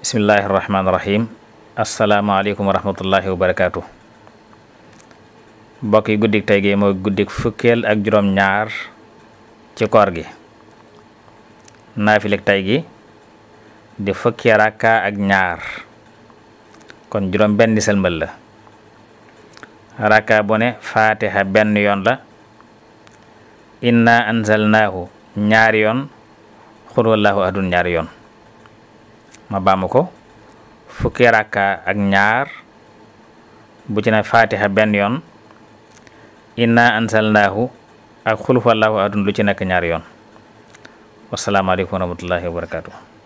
bismillahi rahmaani rahim asalaamaaleykum wa rahmatullahi wa barakaatu mbokk yi guddik tey gi mooy guddik fukkeel ak juróom ñaar ci koor gi naafileg tey gi di fukki rakka ak ñaar kon juróom benn sëlmal la rakka bu ne faatiha benn yoon la inna anzalnaahu ñaari yoon xul wallahu ahadun ñaari yoon ma baamu ko fukki ak ñaar bu ci ne fatiha benn yoon inna ansalnaahu ak xul huwallaahu ahadun lu ci nekk ñaar yoon wasalaamaaleykum wa rahmatullahi wa barakatuh